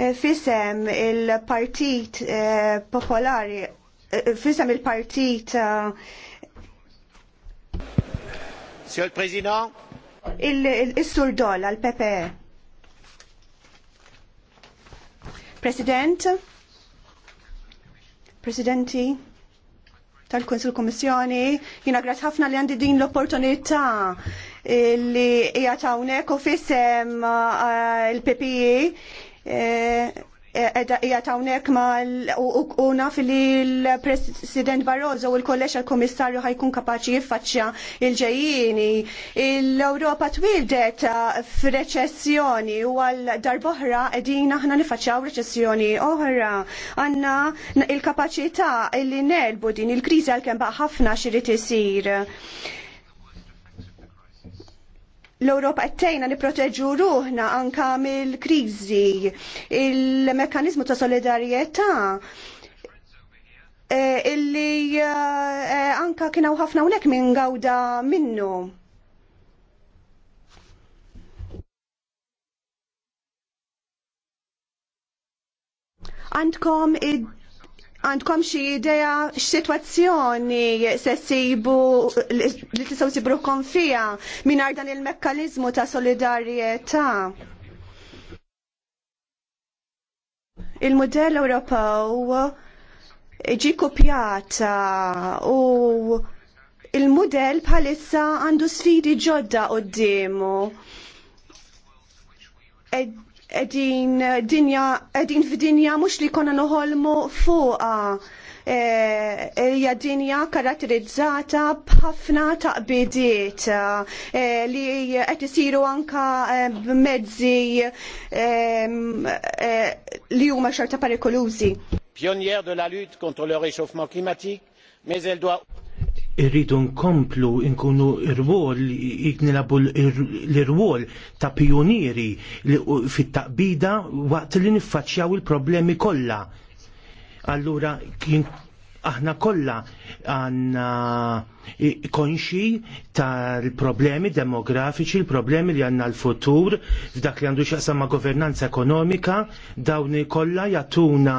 Eh, fisem il-Partit eh, Popolari, eh, fisem il-Partit. Monsieur le Président. Il-Sur Dol, għal-PPE. President, Presidenti tal-Kunsil Kommissjoni, jina grat ħafna li għandi din l-opportunità li hija hawnhekk u fisem il-PPE hija eh, eh, hawnhekk ma u naf li l-President Barroso u l-kollex għal-Kummissarju ħajkun kapaċi jiffaċċja il-ġejjini. L-Ewropa twildet eh, f'reċessjoni u għal darboħra qegħdin aħna u reċessjoni oħra. Għanna il-kapaċità li nelbu din il-kriżi għal baqa' ħafna xi isir l-Europa għettejna proteġu ruħna anka mill-krizi, il-mekanizmu ta' solidarieta eh, illi eh, anka kienaw ħafna unek minn gawda minnu. Għandkom id għandkom xi idea x'sitwazzjoni se sibu li tistgħu sibrukom fija mingħajr dan il-mekkaniżmu ta' solidarjetà. Il-modell Ewropew ġi kopjata u il-modell bħalissa għandu sfidi ġodda qudiemu edin eh, dinja edin f'dinja mux li konna noħolmu fuqa eh, hija e, dinja karatterizzata b'ħafna taqbidiet e, li qed isiru anka b'mezzi e, ehm, li huma xorta perikolużi. Pionnière de la lutte contre le réchauffement climatique, mais elle doit irridu nkomplu nkunu ir-rwol jiknilabu l-rwol ta' pionieri fit-taqbida waqt li niffaċċjaw il-problemi kollha. Allura aħna kollha għanna konxi tal-problemi demografiċi, l problemi li għanna l-futur, f'dak li għandu xaqsam ma' governanza ekonomika, dawn kollha jatuna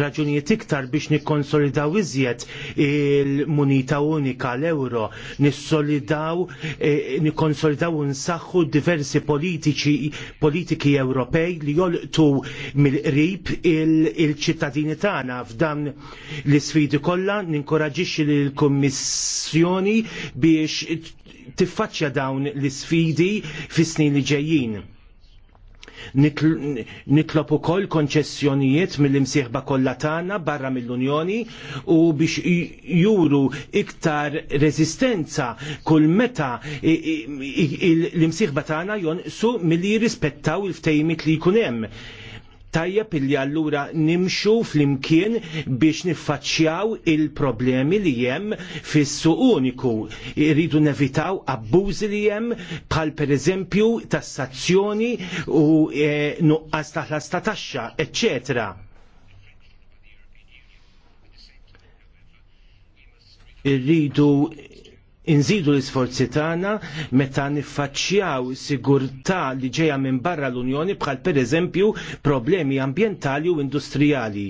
raġunijiet iktar biex nikkonsolidaw iżjed il-munita unika l-euro, nissolidaw, e, nikkonsolidaw unsaħħu diversi politiċi, politiki Ewropej li jolqtu mill-qrib il-ċittadini tagħna f'dan l-isfidi kollha ninkoraġġi tissuġġerixxi lill kummissjoni biex tiffaċċja dawn l-isfidi fis-snin li ġejjin nitlob ukoll konċessjonijiet mill-imsieħba kollha tagħna barra mill-Unjoni u biex juru iktar reżistenza kull meta l-imsieħba tagħna jonqsu milli jirrispettaw il-ftejmit li jkun hemm tajjeb illi allura nimxu flimkien biex niffaċċjaw il-problemi li jem fis uniku. Irridu nevitaw abbużi li jem bħal per eżempju tassazzjoni u e, nuqqas ta' taxxa, eccetera. Irridu inżidu l-isforzi tagħna meta niffaċċjaw sigurtà li ġejja minn barra l-Unjoni bħal pereżempju problemi ambjentali u industrijali.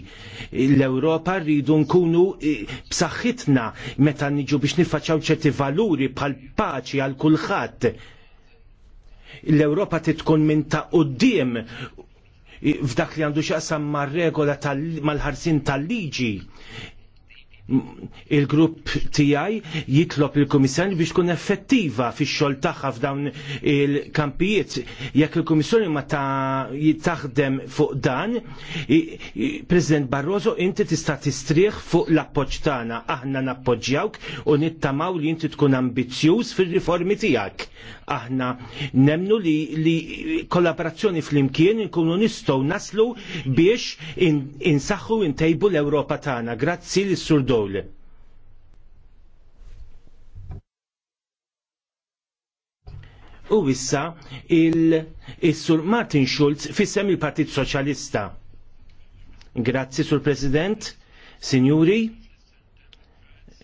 L-Ewropa rridu nkunu eh, b'saħħitna meta niġu biex niffaċċjaw ċerti valuri bħal paċi għal kulħadd. L-Ewropa titkun minn ta' quddiem f'dak li għandu xaqsam mar regola mal-ħarsin tal-liġi il-grupp tijaj jitlob il-Komissjoni biex kun effettiva fi xol taħħa f'dawn il-kampijiet. Jekk il-Komissjoni ma taħdem fuq dan, President Barroso, inti tista' tistrieħ fuq l-appoġġ tagħna. Aħna nappoġġjawk u nittamaw li inti tkun ambizzjuż fir-riformi tiegħek. Aħna nemnu li, li kollaborazzjoni fl-imkien nkunu nistgħu naslu biex insaħħu intejbu l-Ewropa tagħna. Grazzi l-Surdo xogħol. U issa il-Sur Martin Schulz fissem il-Partit Soċjalista. Grazzi, Sur President, Signuri,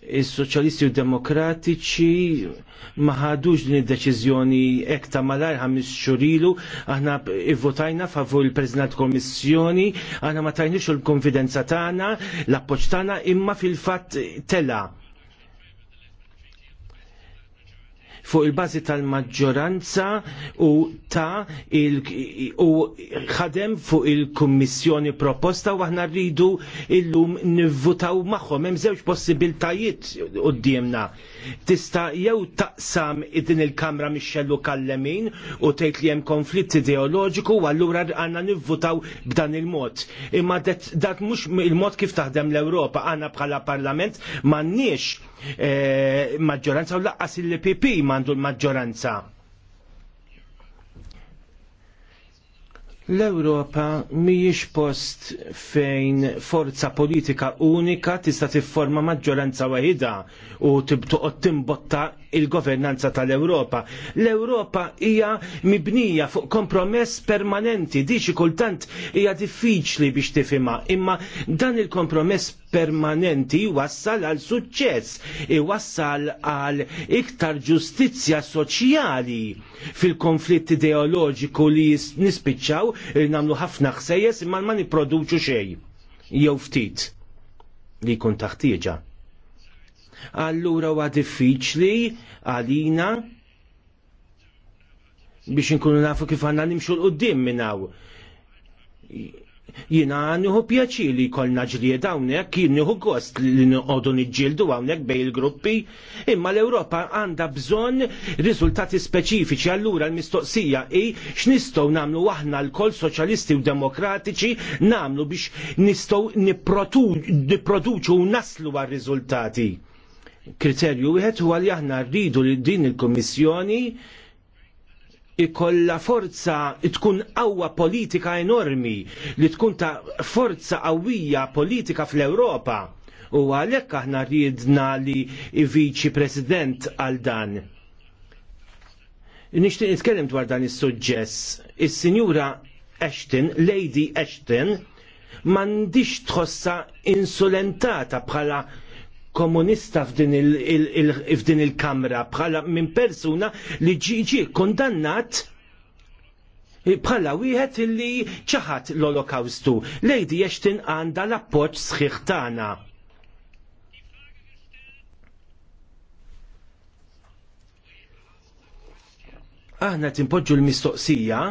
il-Soċjalisti u Demokratiċi ma ħadux din id-deċiżjoni ekta ta' malar ħamis xurilu, aħna ivvotajna favur il-President Kommissjoni, aħna ma tajniex il-konfidenza tagħna, l-appoġġ tagħna imma fil-fatt tela' fuq il-bażi tal-maġġoranza u ta' il u ħadem fuq il-kummissjoni proposta u aħna rridu illum nivvutaw magħhom hemm żewġ possibiltajiet qudiemna. Tista' jew taqsam din il-Kamra mix-xellu kallemin u tgħid li hemm konflitt ideoloġiku u allura għandna nivvutaw b'dan il-mod. Imma dat mhux il-mod kif taħdem l-Ewropa għandna bħala Parlament m'għandniex eh, maġġoranza u laqqas il-PP ma għandu l-maġġoranza. L-Europa mhijiex post fejn forza politika unika tista' tifforma maġġoranza waħida u tibtuqgħod timbotta il-governanza tal-Ewropa. L-Ewropa hija mibnija fuq kompromess permanenti, diċi kultant hija diffiċli biex tifima, imma dan il-kompromess permanenti wassal għal suċċess, wassal għal iktar ġustizzja soċjali fil-konflitt ideoloġiku li nispiċċaw Eh, namlu ħafna ħsejjes imma ma nipproduċu xejn. Jew ftit li jkun taħtieġa. Allura huwa diffiċli għalina biex nkunu nafu kif għandna nimxu l-qoddim minnaw jina nħu pjaċi li kolna ġlied hawnhekk jien nieħu gost li nqogħdu niġġieldu hawnhekk bej il-gruppi, imma l-Ewropa għandha bżonn riżultati speċifiċi allura l-mistoqsija hi x'nistgħu nagħmlu aħna l-kol soċjalisti u demokratiċi nagħmlu biex nistgħu nipproduċu u naslu għar-riżultati. Kriterju wieħed huwa li aħna rridu li din il-Kummissjoni ikolla forza, tkun qawwa politika enormi, li tkun ta' forza qawwija politika fl-Ewropa. U għalhekk aħna rridna li viċi president għal dan. Nixtieq nitkellem dwar dan is-suġġess. Is-Sinjura Ashton, Lady Ashton, m'għandix tħossa insolentata bħala komunista f'din il-kamra bħala minn persuna li ġiġi kondannat bħala wieħed li ċaħat l-Olokawstu. Lejdi jextin għanda l-appoġġ sħiħ tagħna. Aħna timpoġġu l-mistoqsija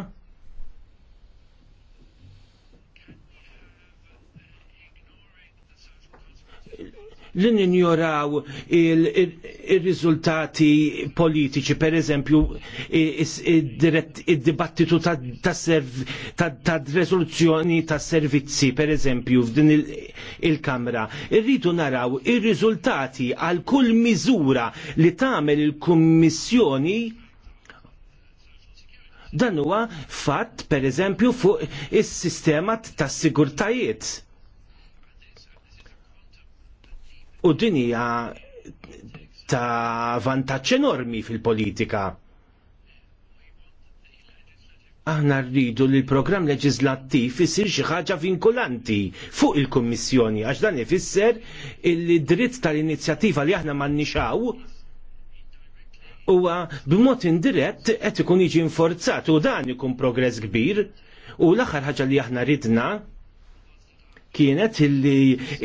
li ninjoraw il-riżultati il il politiċi, per eżempju, il-dibattitu tad ta' tas ta' servizzi, per eżempju, f'din il-Kamra. Irridu naraw il-riżultati għal kull miżura li tagħmel il-Kummissjoni dan huwa fatt per eżempju fuq is-sistema tas sigurtajiet U din hija ta' vantaġġ enormi fil-politika. Aħna rridu li l-programm leġislattiv isir xi ħaġa vinkulanti fuq il-Kummissjoni għax dan ifisser il-dritt tal-inizjattiva li aħna ma huwa b'mod indirett qed ikun jiġi inforzat u dan ikun progress kbir u l-aħħar ħaġa li aħna ridna kienet illi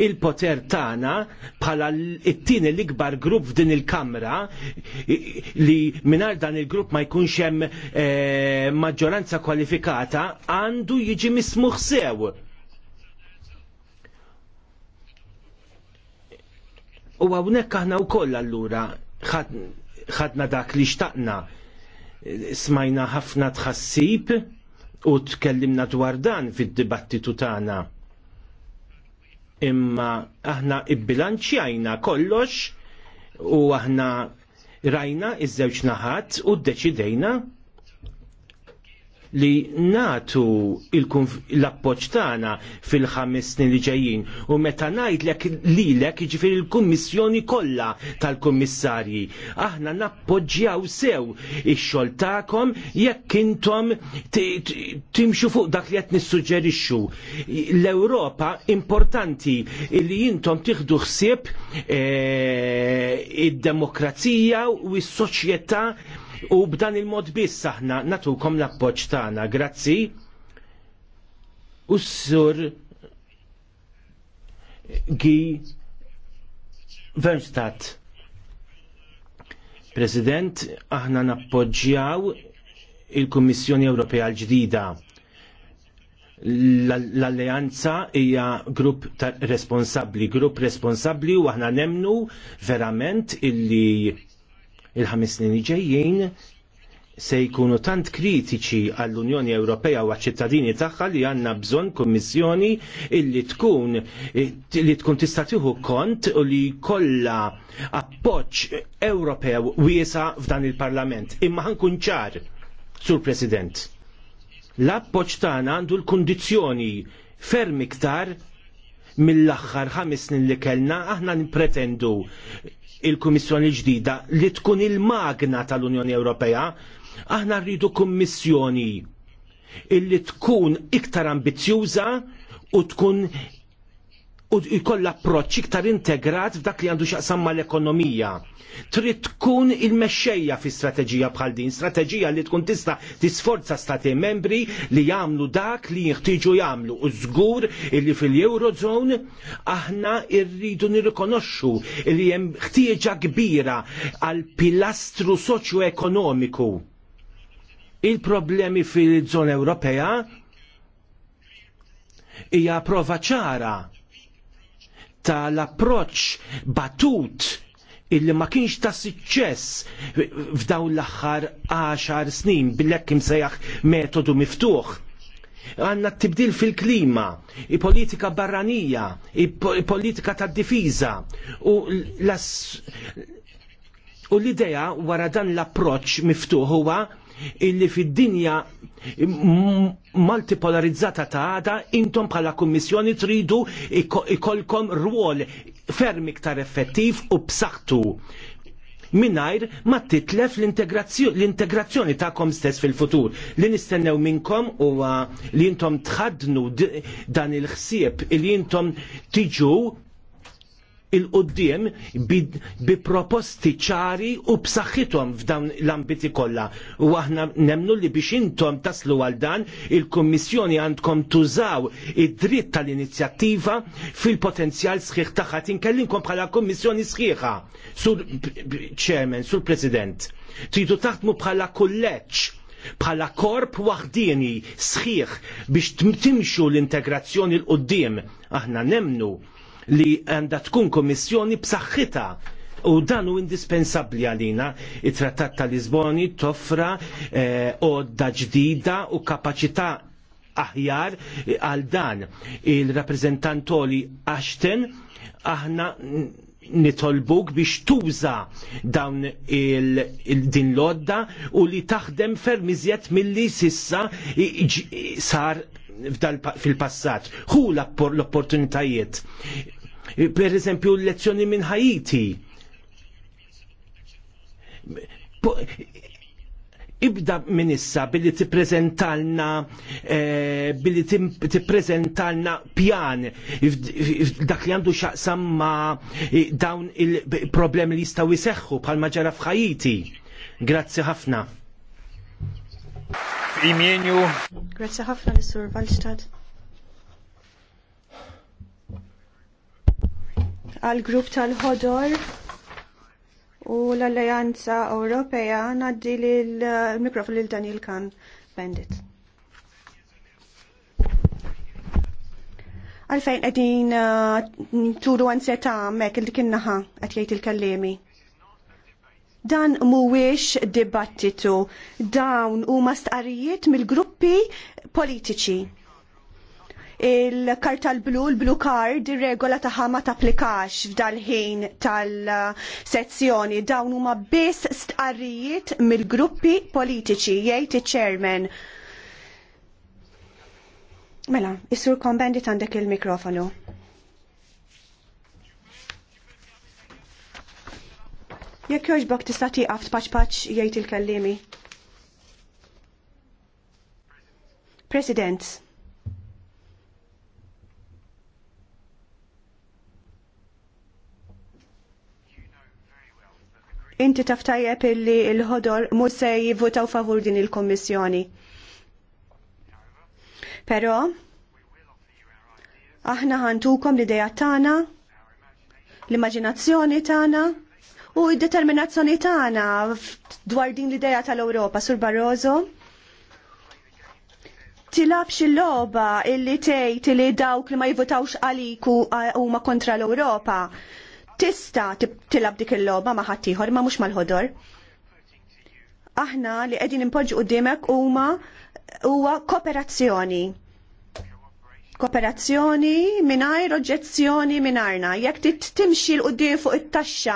il-poter tagħna bħala it-tieni l-ikbar grupp f'din il-Kamra li mingħajr dan il-grupp ma jkunx hemm eh, maġġoranza kwalifikata għandu jiġi mismuħ sew. U hawnhekk aħna wkoll allura ħadna dak li xtaqna smajna ħafna tħassib u tkellimna dwar dan fid-dibattitu tagħna imma aħna ibbilanċjajna kollox u aħna rajna iż-żewġ naħat u ddeċidejna li natu l-appoċ tagħna fil-ħames snin li ġejjin u meta ngħidlek lilek jiġifieri l-kummissjoni kollha tal-kummissarji. Aħna nappoġġjaw sew ix-xogħol tagħkom jekk intom timxu fuq dak li qed nissuġġerixxu. L-Ewropa importanti li intom tieħdu ħsieb eh, id-demokrazija u s-soċjetà u b'dan il-mod biss aħna natukom l appoċ tagħna. Grazzi. U s-sur Gi Verstadt. President, aħna nappoġġjaw il-Kummissjoni Ewropea l-ġdida. L-alleanza hija grupp responsabbli, grupp responsabbli u aħna nemnu verament illi il-ħames snin ġejjin se jkunu tant kritiċi għall-Unjoni Ewropea u għaċ-ċittadini tagħha li għandna bżonn kummissjoni illi tkun li tkun tista' tieħu kont u li kollha appoġġ Ewropew wiesa f'dan il-Parlament. Imma ħankun ċar, Sur President. L-appoġġ tagħna għandu l-kundizzjoni ferm iktar mill aħħar ħames snin li kellna aħna nippretendu il-Kummissjoni ġdida li tkun il-magna tal-Unjoni Ewropea, aħna rridu Kummissjoni illi tkun iktar ambizjuża u tkun u jkoll approċċ iktar integrat f'dak li għandu x'aqsam mal-ekonomija. Trid tkun il-mexxejja fi strateġija bħal din, strateġija li tkun tista' tisforza stati membri li jagħmlu dak li jħtieġu jagħmlu u żgur illi fil-Eurozone aħna rridu nirrikonoxxu li hemm ħtieġa kbira għal pilastru soċjo-ekonomiku. Il-problemi fil-żona Ewropea hija prova ċara tal-approċ batut illi ma kienx ta' suċċess f'dawn l-aħħar 10 snin billek kim sejaħ metodu miftuħ. Għanna t-tibdil fil-klima, i politika barranija, i politika ta' difiża u l-idea wara dan l-approċ miftuħ huwa illi fid-dinja multipolarizzata ta' għada intom bħala kummissjoni tridu ikolkom rwol ferm iktar effettiv u b'saħħtu minajr ma titlef l-integrazzjoni ta'kom stess fil-futur. Li nistennew minnkom u li jintom tħadnu dan il-ħsieb li jintom tiġu il-qoddim bi proposti ċari u b'saħħithom f'dawn l-ambiti kollha. U aħna nemnu li biex intom taslu għal dan il-Kummissjoni għandkom tużaw id-dritt tal-inizjattiva fil-potenzjal sħiħ tagħha tinkellinkom bħala Kummissjoni sħiħa. Sur Chairman, sur President, tridu taħdmu bħala kulleġġ bħala korp waħdieni sħiħ biex timxu l-integrazzjoni l-qoddim. Aħna nemnu li għandha tkun kommissjoni b'saħħitha u dan u indispensabli għalina. Il-Trattat ta' Lisboni toffra eh, odda ġdida u kapacità aħjar eh, għal dan. Il-rappresentantoli Ashton aħna nitolbuk biex tuża dawn il-din lodda u li taħdem ferm mill milli sissa sar fil-passat. Hu l-opportunitajiet. Per eżempju, l-lezzjoni minn Haiti. Ibda minn issa billi prezentalna eh, billi prezentalna pjan dak li għandu xaqsam ma dawn il-problemi li jistgħu jseħħu bħalma ġara f'Ħajiti. Grazzi ħafna w Grazie ħafna li sur Wallstadt. Għal-grupp tal-ħodor u l-Alleanza Ewropea naddi l-mikrofon lil Daniel Kan Bendit. Għalfejn qegħdin uh, turu għan seta' mek il-dikinnaħa qed jgħid il-kallemi. Dan mhuwiex dibattitu, dawn huma mastqarijiet mill-gruppi politiċi. Il-karta l-blu, l-blu card, ir-regola taħħa ma tapplikax f'dal-ħin tal-sezzjoni. Dawn huma biss stqarrijiet mill-gruppi politiċi, jgħid iċ-chairman. Mela, is-sur kombendit għandek il-mikrofonu. Jekk jogħġbok tista' tieqaf tpaċ paċ jgħid il-kellimi. President. Inti taf tajjeb illi l-ħodor mhux se jivvutaw favur din il-Kommissjoni. Però aħna ħantukom l-idea tagħna, l-immaġinazzjoni tagħna, u d-determinazzjoni tagħna dwar din l-idea tal-Ewropa sur Barroso tilabx il-loba illi tgħid li dawk li ma jivutawx għaliku huma kontra l-Ewropa. Tista tilab dik il-loba ma ħadd ieħor ma mhux mal-ħodor. Aħna li qegħdin impoġġu qudiemek huma huwa kooperazzjoni kooperazzjoni mingħajr oġġezzjoni mingħajrna. Jekk trid timxi l qudiem fuq it-taxxa,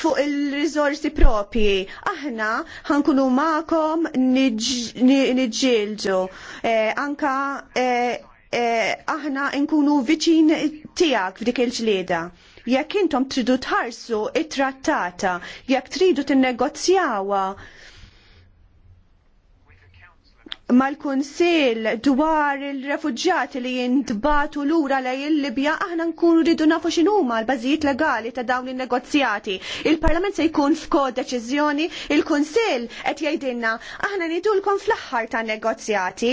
fuq il risorsi propji, aħna ħankunu magħkom niġġieldu e, anka e, e, aħna nkunu viċin tiegħek f'dik il-ġlieda jekk intom tridu tħarsu it-trattata, jekk tridu tinnegozjawha mal-Kunsil dwar il-refugġati li jintbatu lura lej il-Libja aħna nkunu rridu nafu x'inhuma l-bażijiet legali ta' dawn in-negozjati. Il-Parlament se jkun f'kod deċiżjoni, il-Kunsil qed jgħidilna aħna nidulkom fl-aħħar ta' negozjati.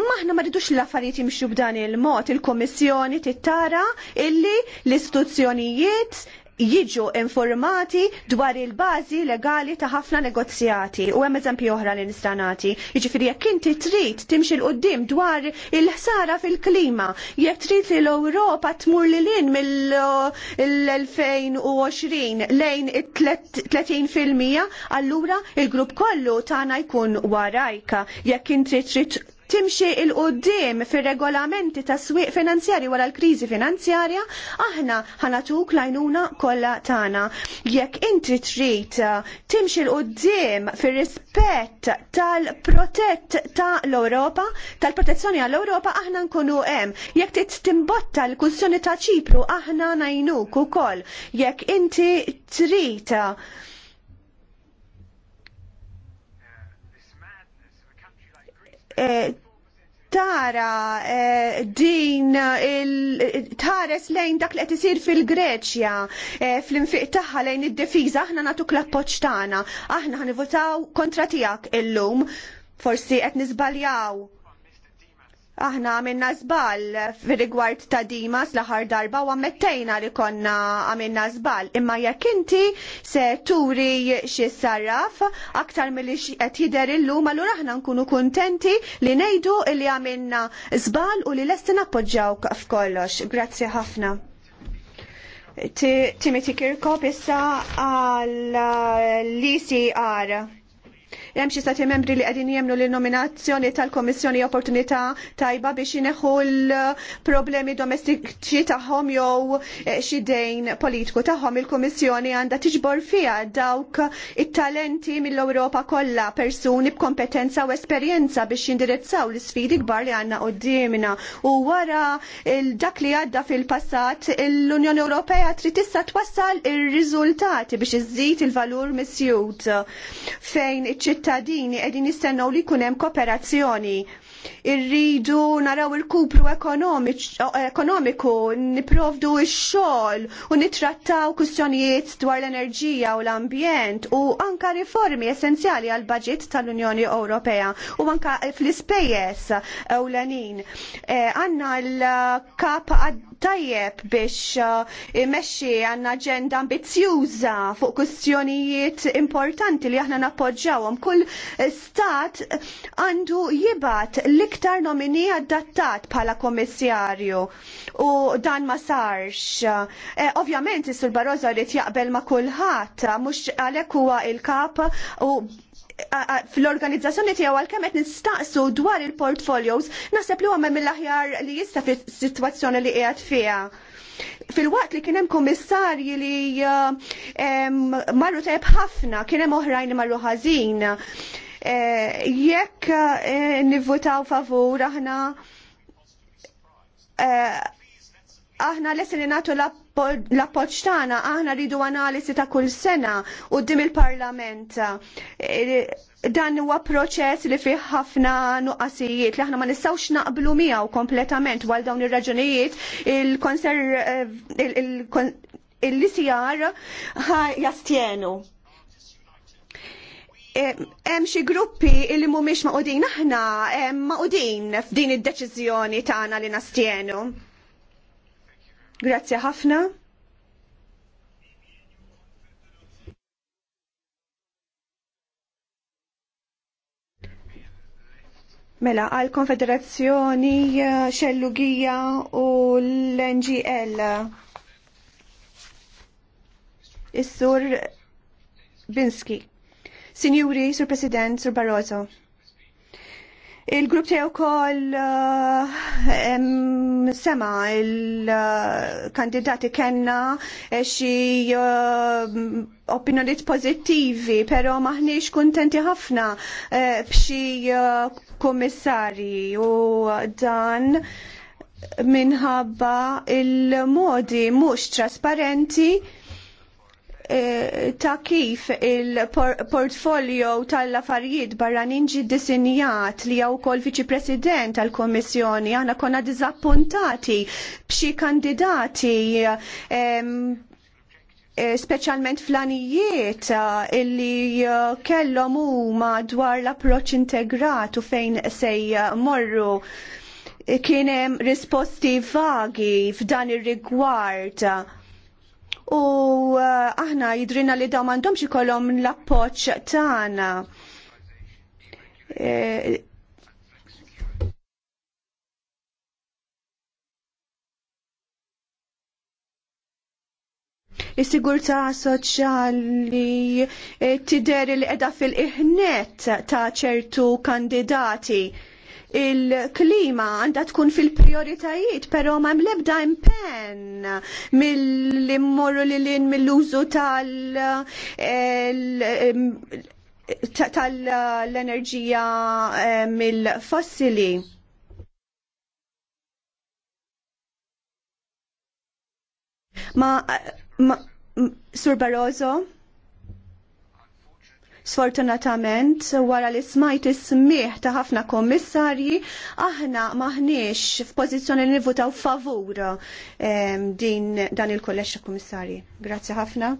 Maħna ma rridux l-affarijiet jimxu b'dan il-mod, il-Kommissjoni tittara illi l-istituzzjonijiet jiġu informati dwar il-bażi legali ta' ħafna negozjati. U hemm eżempji oħra li nista' nagħti. Jiġifieri jekk inti trid timxi l qudiem dwar il-ħsara fil-klima, jekk trid li l-Ewropa tmur lil in mill-2020 lejn it 30% allura il-grupp kollu tagħna jkun warajka jekk inti trid timxi il-qoddim fil-regolamenti ta' swieq finanzjari wara l-krizi finanzjarja, aħna ħanatuk lajnuna kollha tagħna. Jekk inti trid uh, timxi l-qoddim fir-rispett tal-protett ta' l-Ewropa, tal-protezzjoni għall-Ewropa aħna nkunu hemm. Jekk trid timbotta l-kussjoni ta' Ċipru aħna najnuk ukoll. Jekk inti trid uh, tara eh, din il eh, tares lejn dak li qed isir fil-Greċja eh, fl-infiq tagħha lejn id-defiża aħna nagħtuk l-appoġġ tagħna. Aħna ħanivutaw kontra tiegħek illum forsi qed nisbaljaw aħna għamilna zbal fil-rigward ta' Dimas l darba u għammettejna li konna għamilna zbal. Imma jekk inti se turi xi sarraf aktar mill-li qed jidher illum, allura aħna nkunu kuntenti li ngħidu li għamilna zbal u li lesti nappoġġawk f'kollox. Grazzi ħafna. Timiti Kirkop issa għal l-ECR. Hemm xi stati membri li qegħdin jemnu li nominazzjoni tal-Komissjoni opportunità tajba biex ineħħu l-problemi domestiċi tagħhom jew eh, xi dejn politiku tagħhom il-Kummissjoni għandha tiġbor fiha dawk it-talenti mill-Ewropa kollha persuni b'kompetenza u esperjenza biex jindirizzaw l-sfidi kbar li għandna qudiemna u wara dak li għadda fil-passat l-Unjoni Ewropea trid tista' twassal ir-riżultati biex iżid il-valur misjud fejn iċ ċittadini qegħdin jistennew li jkun hemm kooperazzjoni Irridu naraw il-kupru ekonomiku, niprovdu il-xol u nitrattaw kustjonijiet dwar l-enerġija u l-ambjent u anka riformi essenzjali għal budget tal-Unjoni Ewropea u anka fl-ispejjes ewlenin. E, għanna l-kap tajjeb biex e, imexxi għanna ġenda ambizjuża fuq kwistjonijiet importanti li aħna nappoġġawhom. Kull stat għandu jibat l-iktar nomini adattat bħala kommissarju u dan ma sarx. E, Ovvjament, Sur Barroso rrit jaqbel ma kulħadd, mhux għalhekk huwa il-kap u fl-organizzazzjoni tiegħu għalkemm qed nistaqsu dwar il-portfolios, naħseb li huwa hemm mill-aħjar li jista' fis-sitwazzjoni li qiegħed fiha fil-waqt li kien hemm kummissarji li eh, marru tajb ħafna, hemm oħrajn li marru ħażin. Jekk nivvutaw favur aħna aħna lesti li natu l appoġġ tagħna, aħna rridu analisi ta' kull sena dim il-Parlament. Dan huwa proċess li fih ħafna nuqqasijiet li aħna ma nistgħux naqblu miegħu kompletament għal dawn ir-raġunijiet il-konser il-lisjar jastjenu hemm xi gruppi li mhumiex maqudin aħna maqudin f'din id-deċiżjoni tagħna li nastienu. Grazzi ħafna. Mela, għal konfederazzjoni eh, xellugija u l-NGL. Is-sur Binski. Signori, Sur President, Sur Barroso. Il-grupp tiegħu wkoll uh, sema il-kandidati kellna eh, xi uh, eh, opinjoniet pozittivi, pero maħniex kontenti ħafna uh, b'xi kummissarji u dan minħabba il-modi mhux trasparenti Eh, ta' kif il-portfolio tal-affarijiet barranin ġi disinjat li għaw kol viċi president tal-Komissjoni għana konna dizappuntati bxi kandidati eh, specialment flanijiet eh, illi kellom huma dwar l-approċ integrat u fejn sej morru kienem risposti vagi f'dan ir-rigward u eh, aħna jidrina li daw m'għandhomx ikollhom l-appoġġ tagħna. Eh, is-sigurtà soċjali eh, tidher li qiegħda fil-iħnet ta' ċertu kandidati il-klima għandha tkun fil-prioritajiet, però ma mlebda impenn mill-immorru li lin mill-użu eh, eh, tal-enerġija eh, mill-fossili. Ma, ma, Sur Barroso? Sfortunatament, wara li smajt is ta' ħafna kommissarji, aħna maħniex f'pożizzjoni li nivutaw favur ehm, din dan il-kollex ta' kommissarji. Grazzi ħafna.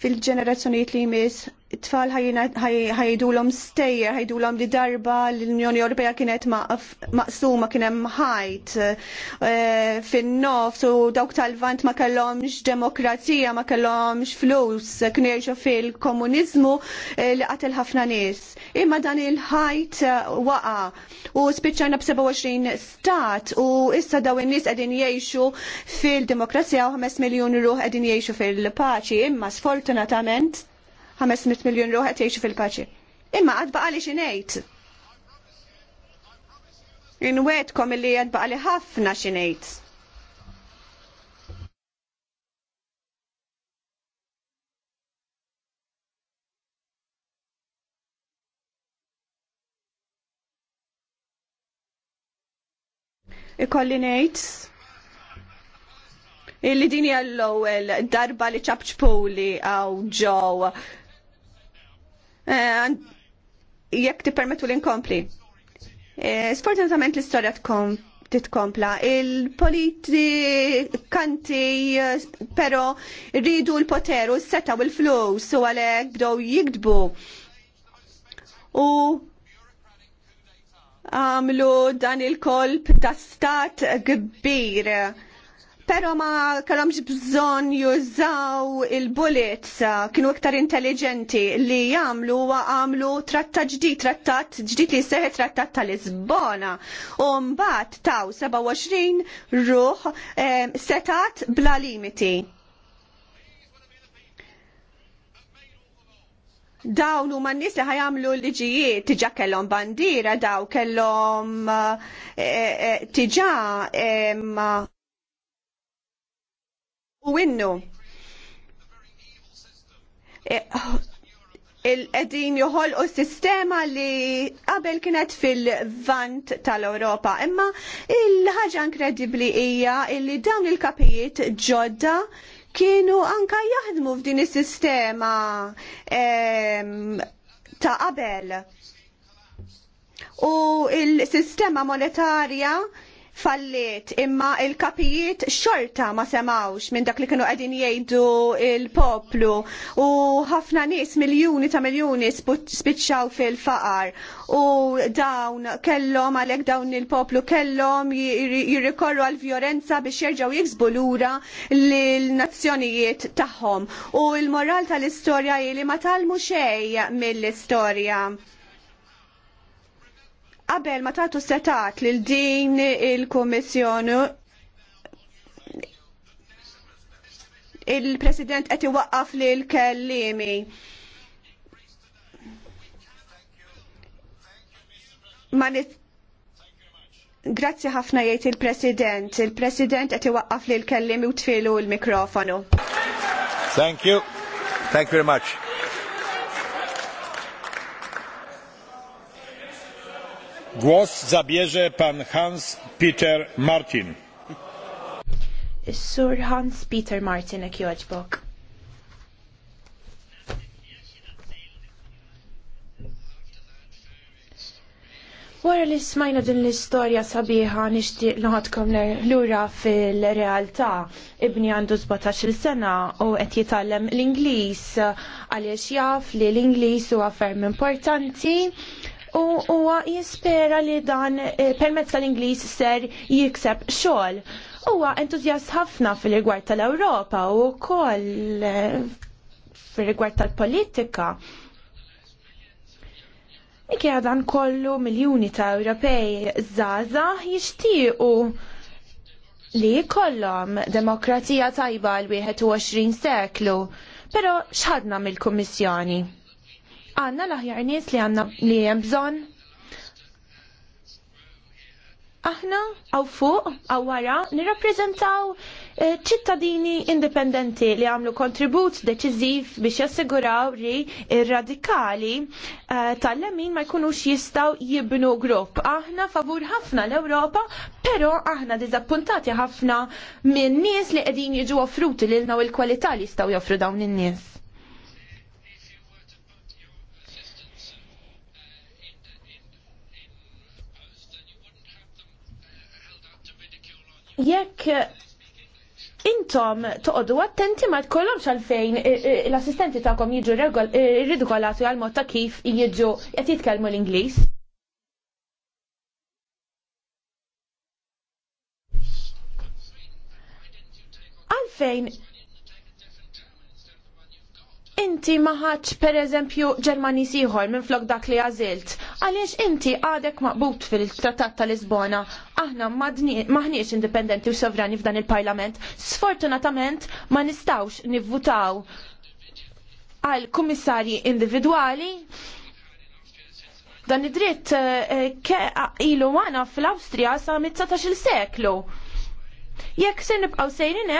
Fil-ġenerazzjonijiet li jmiss it-tfal ħajdulhom stejjer, ħajdulhom li darba l-Unjoni Ewropea kienet maqsuma kien hemm ħajt eh, fin-nofs u dawk tal-vant ma kellhomx demokrazija, ma kellhomx flus, kien jgħixu fil-komuniżmu eh, li qatel ħafna nies. Imma dan il-ħajt eh, waqa u spiċċajna b'27 stat u issa daw in-nies qegħdin jgħixu fil-demokrazija u 5 miljun ruħ qegħdin jgħixu fil-paċi, imma sfortunatament 500 miljon ruħ jiexu jgħixu fil-paċi. Imma għad baqa li xinejt. Inwedkom illi għad baqali ħafna xinejt. ikolli ngħid illi din hija l-ewwel darba li ċabċpuli għaw ġew Eh, jekk tippermettu li nkompli. Eh, sfortunatament l-istorja titkompla. Il-politikanti eh, pero rridu l-poteru, s-seta u l-flus u għalek bdow jikdbu. U għamlu dan il-kolb ta' stat kbir Pero ma kellhomx bżonn jużaw il-bullets, kienu iktar intelligenti li jagħmlu wa għamlu tratta ġdid, trattat ġdid li seħe trattat tal-Lisbona. U mbagħad taw 27 ruħ eh, setat bla limiti. dawn huma n-nies li ħajamlu l-liġijiet tiġa kellhom bandira daw kellhom tiġa eh, eh, u innu. E, Il-edin juħol u sistema li qabel kienet fil-vant tal-Europa. Imma il-ħagġa inkredibli hija li dawn il-kapijiet ġodda kienu anka jaħdmu f'din is-sistema ta' qabel. U il-sistema monetarja falliet imma il-kapijiet xorta ma semawx minn dak li kienu qegħdin jgħidu il-poplu u ħafna nies miljuni ta' miljuni spiċċaw fil-faqar u dawn kellhom għalhekk dawn il-poplu kellhom jirrikorru għal vjolenza biex jerġgħu jiksbu lura l-nazzjonijiet tagħhom u l-moral tal-istorja li ma talmu xejn mill-istorja qabel ma tagħtu setat lil din il-Kummissjoni il-President qed iwaqqaf lil kellimi. Ma Grazzi ħafna jgħid il-President. Il-President qed iwaqqaf lil kellimi u tfilu l-mikrofonu. Thank you. Thank you very much. Głos zabierze pan Hans Peter Martin. Is-sur Hans Peter Martin ek joġbok. Wara li smajna din l-istorja sabiħa nixtieq noħodkom lura fil-realtà. Ibni għandu 17 sena u qed jitgħallem l-Ingliż għaliex jaf li l-Ingliż huwa ferm importanti u huwa jispera li dan eh, permezz tal-Ingliż ser jikseb xogħol. Huwa entużjast ħafna fil-rigward tal-Ewropa u wkoll eh, fil-rigward tal-politika. Ikea dan kollu miljuni ta' Ewropej zaza jixtiequ li kollom demokrazija tajba l-21 seklu, pero xħadna mill-Kummissjoni għanna l-aħjar nies li għanna li hemm bżonn. Aħna għaw fuq għaw għara, nirrapprezentaw eh, ċittadini indipendenti li għamlu kontribut deċiżiv biex jassiguraw li radikali eh, tal-lemin ma jkunux jistaw jibnu grupp. Aħna favur ħafna l-Ewropa, pero aħna dizappuntati ħafna minn nies li qegħdin jiġu offruti lilna u l-kwalità li jistgħu joffru dawn in-nies. jekk intom toqdu attenti ma tkollom għalfejn eh, eh, l-assistenti tagħkom jiġu eh, ridikolati għal mod ta' kif jiġu qed jitkellmu l-Ingliż. Għalfejn inti maħħaċ per eżempju Ġermani siħor minn flok dak li għazilt. Għaliex inti għadek maqbut fil-Trattat tal Lisbona, aħna maħniex indipendenti u sovrani f'dan il-Parlament. Sfortunatament ma nistawx nivvutaw għal kummissarji individuali dan id-dritt eh, eh, ilu għana fl-Austria sa' mit-19 seklu. Jekk se nibqaw sejrin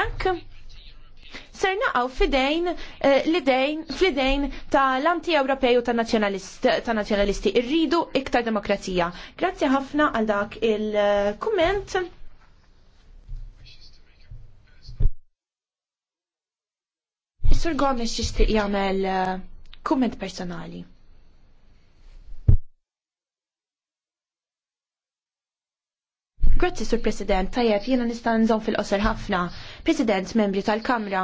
ser naqgħu fidejn eh, l-idejn fl-idejn tal-anti Ewropej u tan-nazzjonalisti irridu iktar demokrazija. Grazzi ħafna għal dak il-kumment. Sur Gomes jixtieq jagħmel eh, kumment personali. Grazzi, Sur President, tajjeb, jiena nista' nżomm fil-qosor ħafna. President, membri tal-Kamra.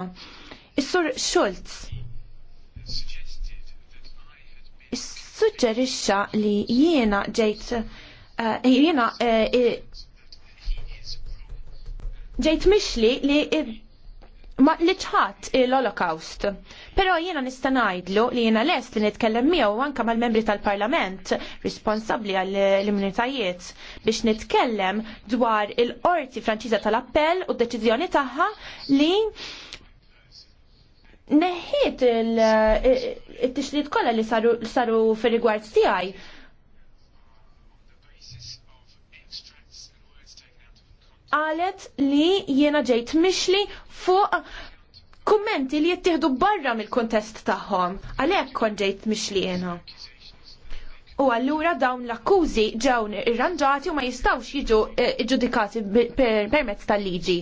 Is-Sur Schultz. Suġġerixxa li jiena ġejt uh, jiena eh, ġejt mixli li ma liċħat l-Holocaust. Pero jiena nista' ngħidlu li jiena lest li nitkellem miegħu anke mal-membri tal-Parlament responsabbli għall-immunitajiet biex nitkellem dwar il-qorti Franċiża tal-Appell u d-deċiżjoni tagħha li neħiet il tixlid kollha li saru, fir-rigward tiegħi qalet li jiena ġejt mixli fuq kummenti li jittieħdu barra mill-kuntest tagħhom. Għalhekk kont ġejt mixliena. U allura dawn l-akkużi ġew irranġati u ma jistawx jiġu eh, ġudikati permezz tal-liġi.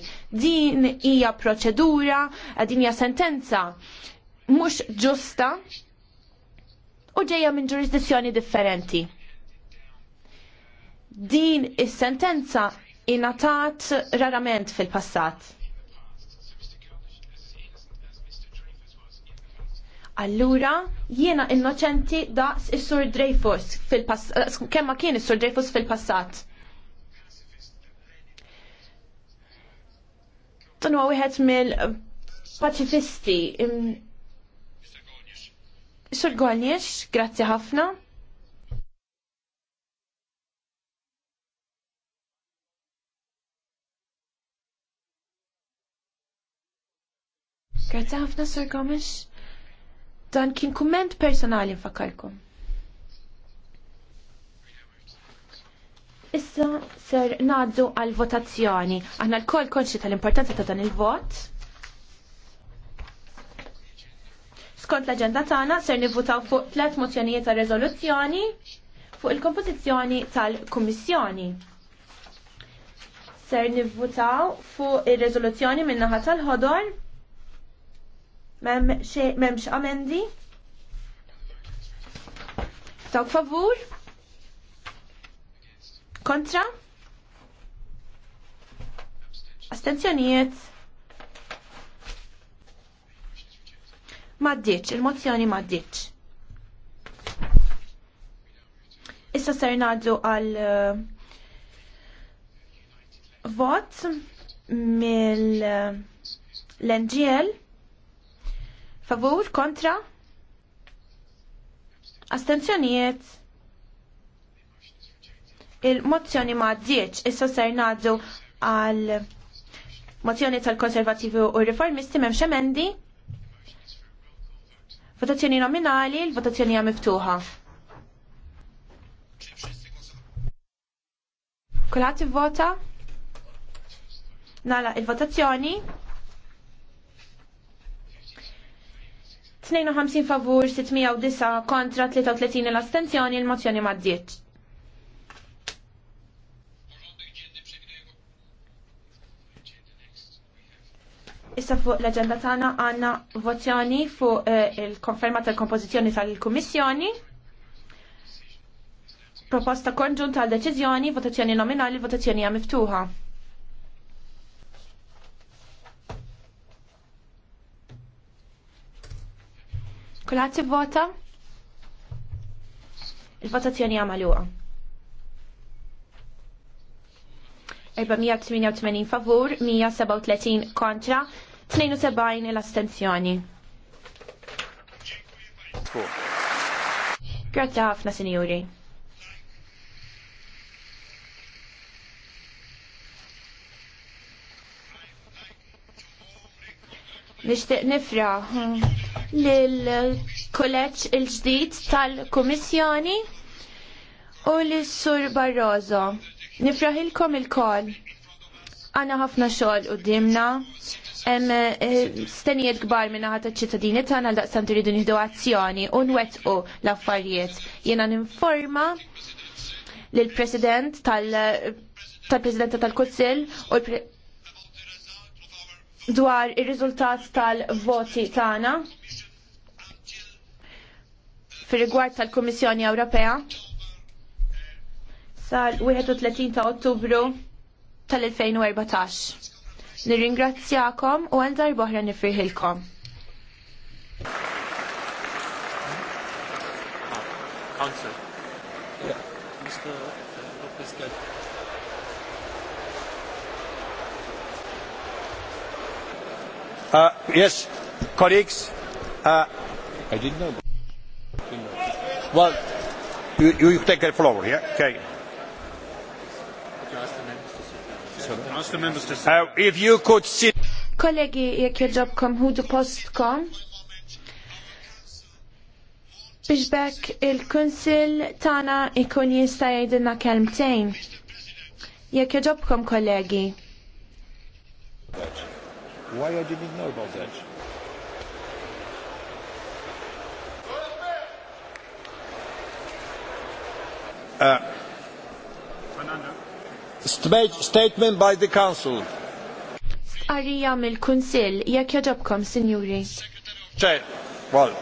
Din hija proċedura, eh, din hija sentenza mhux ġusta u ġejja minn ġurisdizzjoni differenti. Din is-sentenza inatat rarament fil-passat. Allura, jiena innoċenti daqs is-Sur Dreyfus fil-passat, eh, kemma kien is-Sur Dreyfus fil-passat. Tanu huwa wieħed mill-paċifisti. Sur Gonjex, grazzi ħafna. Grazzi ħafna, Sur Gomes. Dan kien kumment personali nfakarkom. Issa ser naddu għal votazzjoni. Aħna l-koll konxi tal-importanza ta' dan il-vot. Skont l-agenda tagħna ser nivvutaw fuq tliet mozzjonijiet ta' rezoluzzjoni fuq il-kompożizzjoni tal-Kummissjoni. Ser nivvutaw fuq ir-riżoluzzjoni min-naħa tal-ħodor Memx amendi? Dawk favur? Kontra? Astenzjonijiet? Maddiċ, il-mozzjoni maddiċ. Issa ser naddu għal eh, vot mill l-NGL Favur, kontra? Astenzjonijiet? Il-mozzjoni ma' 10 issa ser naddu għal mozzjoni tal-konservativi u riformisti memx emendi. Votazzjoni nominali, l-votazzjoni hija miftuħa. Kulħadd ivvota? Nala il-votazzjoni. 52 favur, 609 kontra, 33 l-astenzjoni, il-mozzjoni maddiet. Issa fuq l-agenda tagħna għandna vozzjoni fuq eh, il-konferma tal-kompożizzjoni tal-Kummissjoni. Proposta konġunta tal deċiżjoni votazzjoni nominali, votazzjoni miftuħa. Kulħadd vota Il-votazzjoni għamaluqa. 488 favur, 137 kontra, 72 l-astenzjoni. Grazie ħafna, sinjuri. Nixtieq nifra hmm, lill-kulleġġ il-ġdid tal-Kummissjoni u lis-Sur Barroso. Nifraħilkom il-kol. Għana ħafna xogħol u dimna. Eh, stenijiet kbar minna ħata ċittadini tagħna l daqstant iridu nħidu azzjoni u nwettqu l-affarijiet. Jiena ninforma lill-President tal-Presidenta tal-Kunsill u l-Presso dwar ir-riżultat tal-voti tagħna fir-rigward tal-Kummissjoni Ewropea sal-31 ta' Ottubru tal-2014. Nirringrazzjakom u għal darbohra nifirħilkom. Yeah. Mr. Uh, yes, colleagues. Uh, I didn't know. Well, you, you take the floor, yeah? Okay. Uh, if you could sit. Kollegi, jekk joġobkom hudu postkom, biex bekk il-Kunsil tana ikun jista' jgħidilna kelmtejn. Jekk joġobkom kollegi. Why I didn't know about that? Uh, statement by the Council. Arrija il-Kunsil, jekk jaġobkom, Sinjuri. Ċe, well,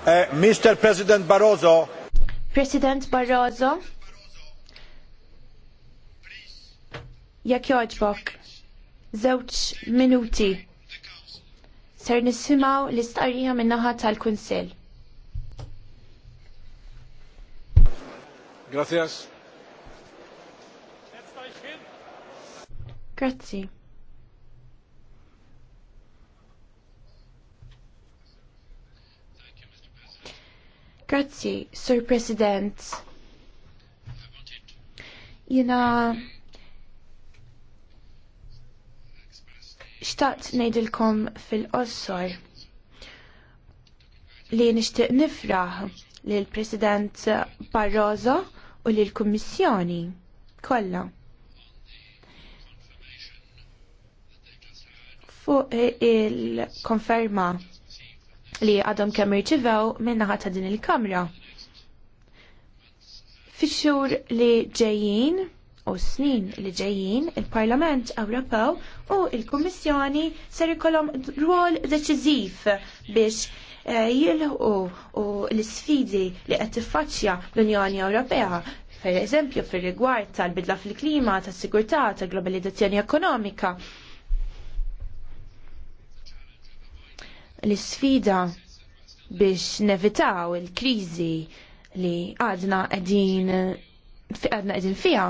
Uh, Mr. President Barroso. President Barroso. Jekk joġbok, żewġ minuti. Ser nisimgħu l-istqarrija min-naħa tal kunsell Gracias. Grazzi. Grazzi, Sir President. Jena Xtaqt ngħidilkom fil-qossor li nixtieq nifraħ l President Barroso u l Kummissjoni kollha. Fuq il-konferma li għadhom kemm irċivew minnaħa ta' din il-Kamra. Fixxur li ġejjin u snin li ġejjin il-Parlament Ewropew u l kummissjoni ser ikollhom rwol deċiżiv biex eh, jilħu u l-sfidi li qed tiffaċċja l-Unjoni Ewropea per eżempju fir rigward tal-bidla fil-klima, tas-sigurtà, tal-globalizzazzjoni ekonomika. l isfida biex nevitaw il-kriżi li għadna qegħdin għadna qegħdin fiha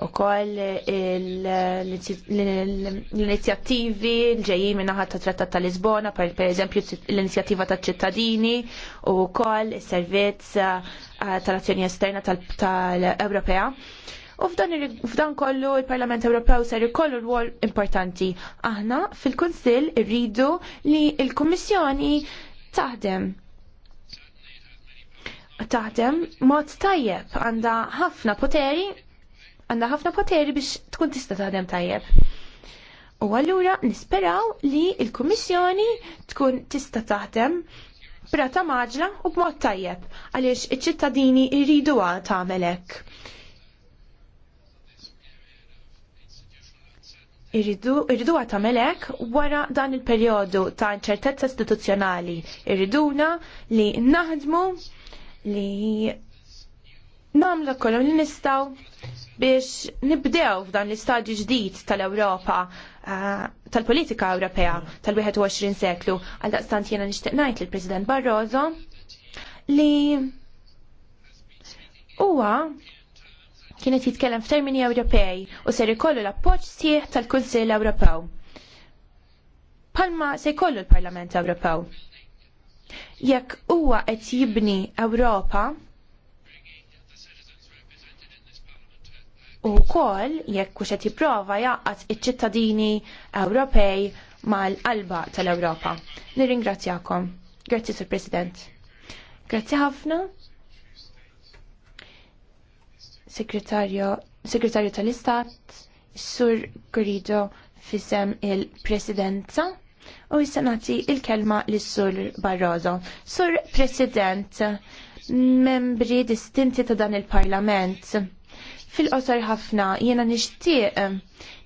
u koll l-inizjattivi l-ġejjin minnaħat ta' trattat ta' Lisbona, per eżempju l-inizjattiva ta' ċittadini u koll il-servizz eh, tal-azzjoni esterna tal-Ewropea. U f'dan kollu il-Parlament Ewropew ser ikollu rwol importanti. Aħna fil-Kunsill rridu li l-Kummissjoni taħdem taħdem mod tajjeb għandha ħafna poteri għandha ħafna poteri biex tkun tista' taħdem tajjeb. U allura nisperaw li l-Kummissjoni tkun tista' taħdem brata maġla u b'mod tajjeb għaliex iċ-ċittadini jridu għal tagħmelek. Irridu, irridu għatamelek wara dan il-periodu ta' inċertezza istituzzjonali. Irriduna li naħdmu li namlu kolom li nistgħu biex nibdew f'dan l-istadju ġdid tal-Ewropa eh, tal-politika Ewropea tal-21 seklu għal daqstant jena nixtieq ngħid lill-President Barroso li huwa kienet jitkellem f'termini Ewropej u ser ikollu l-appoġġ sieħ tal-Kunsill Ewropew. Palma se jkollu l-Parlament Ewropew. Jekk huwa qed jibni Ewropa u kol jekk u xet jipprova jaqqat iċ-ċittadini Ewropej mal-qalba tal-Ewropa. Nirringrazzjakom. Grazzi, Sur President. Grazzi ħafna. Sekretarju, Sekretarju tal-Istat, Sur Gurido fisem il-Presidenza u jissanati il-kelma li sur Barroso. Sur President, membri distinti ta' dan il-Parlament Fil-qosor ħafna jiena nixtieq ehm,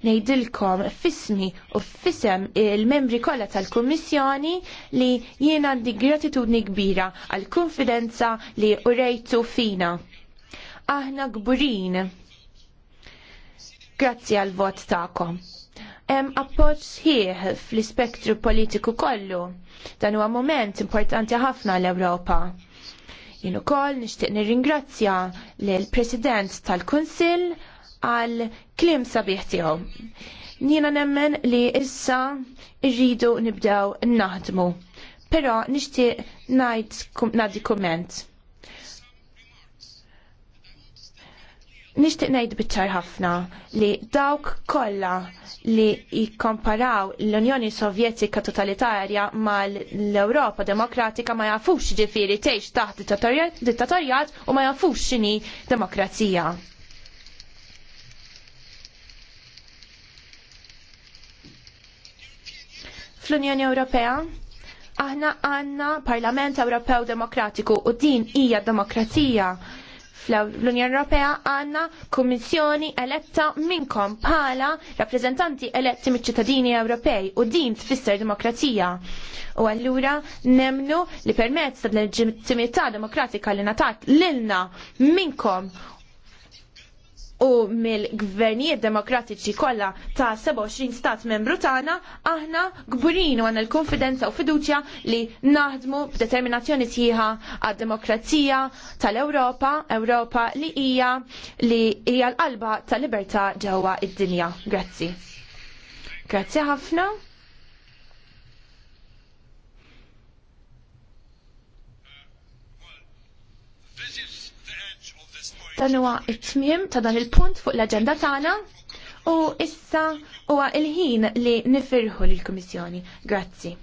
ngħidilkom fismi u fisem il-membri kollha tal-Kummissjoni li jiena għandi gratitudni kbira għall konfidenza li urejtu fina. Aħna kburin. Grazzi għal vot tagħkom. Hemm appoġġ ħieħ fl-ispektru politiku kollu. Dan huwa mument importanti ħafna l-Ewropa. Jien ukoll nixtieq nirringrazzja lill President tal-Kunsill għal kliem sabiħ tiegħu. Jiena nemmen li issa rridu nibdew naħdmu. Però nixtieq ngħid nadi kumment. Nixtieq ngħid biċċar ħafna li dawk kollha li jikkomparaw l-Unjoni Sovjetika totalitarja mal-Ewropa Demokratika ma jafux ġifiri tgħix taħt dittatorjat u ma jafux x'inhi demokrazija. fl-Unjoni Ewropea? Aħna għanna Parlament Ewropew Demokratiku u din hija demokrazija Fl-Unjoni Ewropea għandna kummissjoni eletta minnkom bħala rappreżentanti eletti miċ-ċittadini Ewropej u din tfisser demokrazija. U allura nemnu li permezz tal leġittimità demokratika li natat lilna minnkom u mill-gvernijiet demokratiċi kollha ta' 27 stat membru tagħna aħna gburin għandna l-konfidenza u fiduċja li naħdmu b'determinazzjoni sħiħa għad-demokrazija tal-Ewropa, Ewropa li hija li hija l-qalba tal-libertà ġewwa id-dinja. Grazzi. Grazzi ħafna. Dan huwa it-tmiem ta' dan il-punt fuq l-aġenda tagħna u issa huwa il-ħin li nifirħu lill-Kummissjoni. Grazzi.